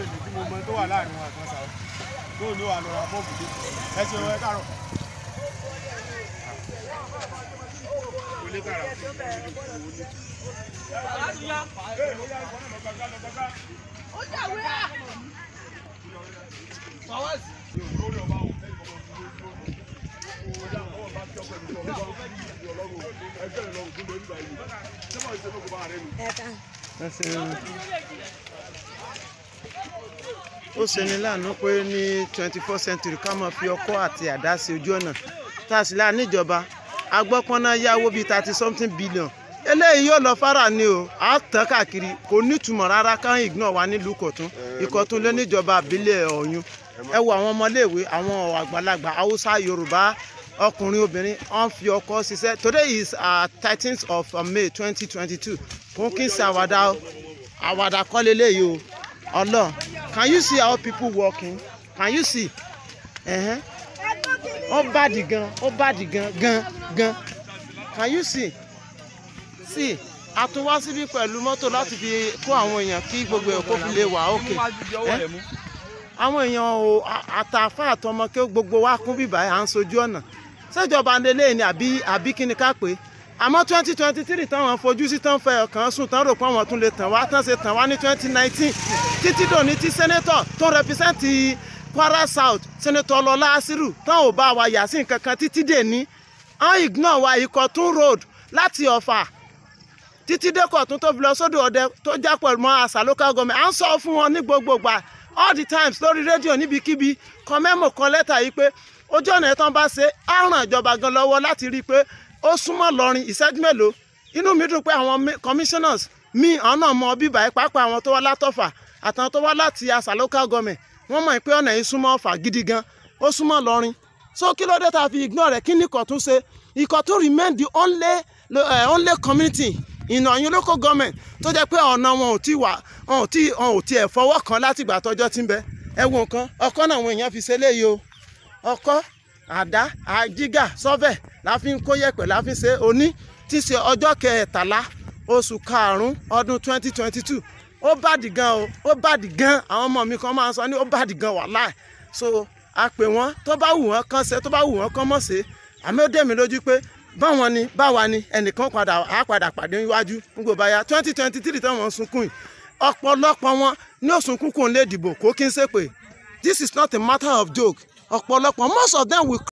fèmí tí mo mọ tó wà láàrin wọn àgbọn sàrọ tó ní wà lọ ra bọ́ọ̀bù dé ẹ ṣe wọn ẹ kàrọ. ó dàwé ó ṣeni láàánú pé ní twenty four century ká máa fi ọkọ́ àti àdá sí ojú ọ̀nà tá a sì láà níjọba agbọ́pọ́nná yáwó bíi thirty something billion eléyìí yóò lọ fara ni o a tán káàkiri kò nítumọ̀ rárá ká ìgbọ̀n wa nílùú Ìkọ̀tún Ìkọ̀tún ló níjọba àbílẹ̀ Ọ̀yún ẹ wo àwọn ọmọléèwé àwọn àgbàlagbà Haúsá Yorùbá ọkùnrin obìnrin wọn fi ọkọ ṣiṣẹ́ today is uh, thirteenth uh, of May twenty twenty two kò kí n ṣe àwàdà àwàdà kọ́ lélẹ́yìí o. Allah can you see how people walking can you see ó bàdì gan ó bàdì gan Gun! Gun! can you see see a tún wá síbí pẹ̀lú mọ́tò láti fi kó àwọn èèyàn kí gbogbo ẹ̀ kó fi lè wà ókè àwọn èèyàn o àtàfà àtọmọ kí gbogbo wa kún bíbá à ń sojú ọ̀nà ṣèjọba lélẹ̀ ni àbí àbí kí ni ká pé àmọ́ twenty twenty three táwọn fojú sí tán fẹ́ ọkàn sùn tán rò pé àwọn tún lè tàn wá tán ṣe tàn wá ní twenty nineteen títí dòní tí sẹ́nẹ́tọ̀ tó ń rẹpísẹ́ǹtì Kwara South sẹ́nẹ́tọ̀ Lọlá Asiru tán ò bá wa yà sí nǹkan kan títí dèní àwọn ìgbọ̀n wa Ìkọ̀tún road láti Ọ̀fà títí dé Ìkọ̀tún tó fi lọ sódò ọdẹ tó já pẹ̀lú mọ́ àṣà local government à ń sọ fún wọn ní gbogbogbà all the times lórí rédíò níbikíbi kan mẹ́mọ̀ kan lẹ́tà yìí pé ojú ọ̀nà ẹ̀tàn bá ṣe á ràn ìjọba gan lọ́wọ́ láti rí i pé ó súnmọ́ lọ́rin ìṣẹ́jú mélòó inú mi dùn pé àwọn commissioners mi àwọn náà mọ bíbá ẹ pàápàá àwọn tó wá látọ̀fà àtàwọn tó wá láti àṣà local government wọ́n mọ̀ pé ọ̀nà yìí súnmọ́ Ọ̀fà gidi gan ó súnmọ́ Ìlọrin so kí ló dé tá fi ignore rẹ̀ kí ni Ìkọ̀tún ṣe Ìkọ̀tún remain the only uh, only community in Ìlọrin local government tó jẹ́ pé ọ̀nà wọn ò tí wà wọn ò tí wọn ò tiẹ̀ fọwọ́ kan láti ìgbà tọ́jọ́ ti ń bẹ ẹ wo nǹkan ọkọ́ náà àwọn èèyàn fi ṣe léyìí o ọkọ́ àdá àjígà sọ́fẹ̀ la ń kó yẹ̀pẹ̀ la ń ṣe òní tí ṣe ọjọ́ kẹtàlá oṣù karùn-ún ọdún 2022 ó bàdì gan o ó bàdì gan àwọn ọmọ mi kan máa sọ ní ó bàdì gan wàláì so a pè wọ́n tó bá wù wọ́n kán ṣe tó bá wù wọ́n kán mọ̀ ṣe àmì ó dẹ̀ mí lójú pé báwọn ni báwa ni ẹnìkan padà á padà pàdé níwájú gbogbo báyà twenty twenty three tí wọ́n sunkún yìí ọ̀pọ̀lọpọ̀ wọn ní òsùnkún kò lè dìbò kó kí n ṣépè this is not a matter of joke ọ̀pọ̀lọpọ̀ most of them will